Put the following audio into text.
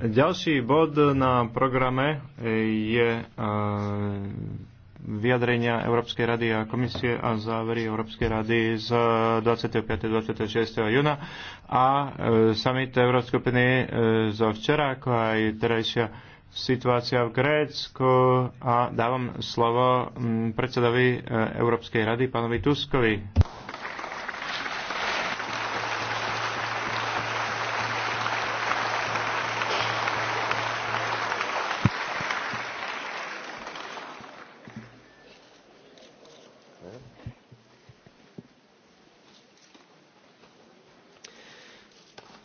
ďalší bod na programe e, je e, vyjadrenia Európskej rady a komisie a závery Európskej rady z 25. a 26. júna a e, summit Európskej únie zo včera, ako aj terajšia situácia v Grécku a dávam slovo predsedovi Európskej rady, pánovi Tuskovi.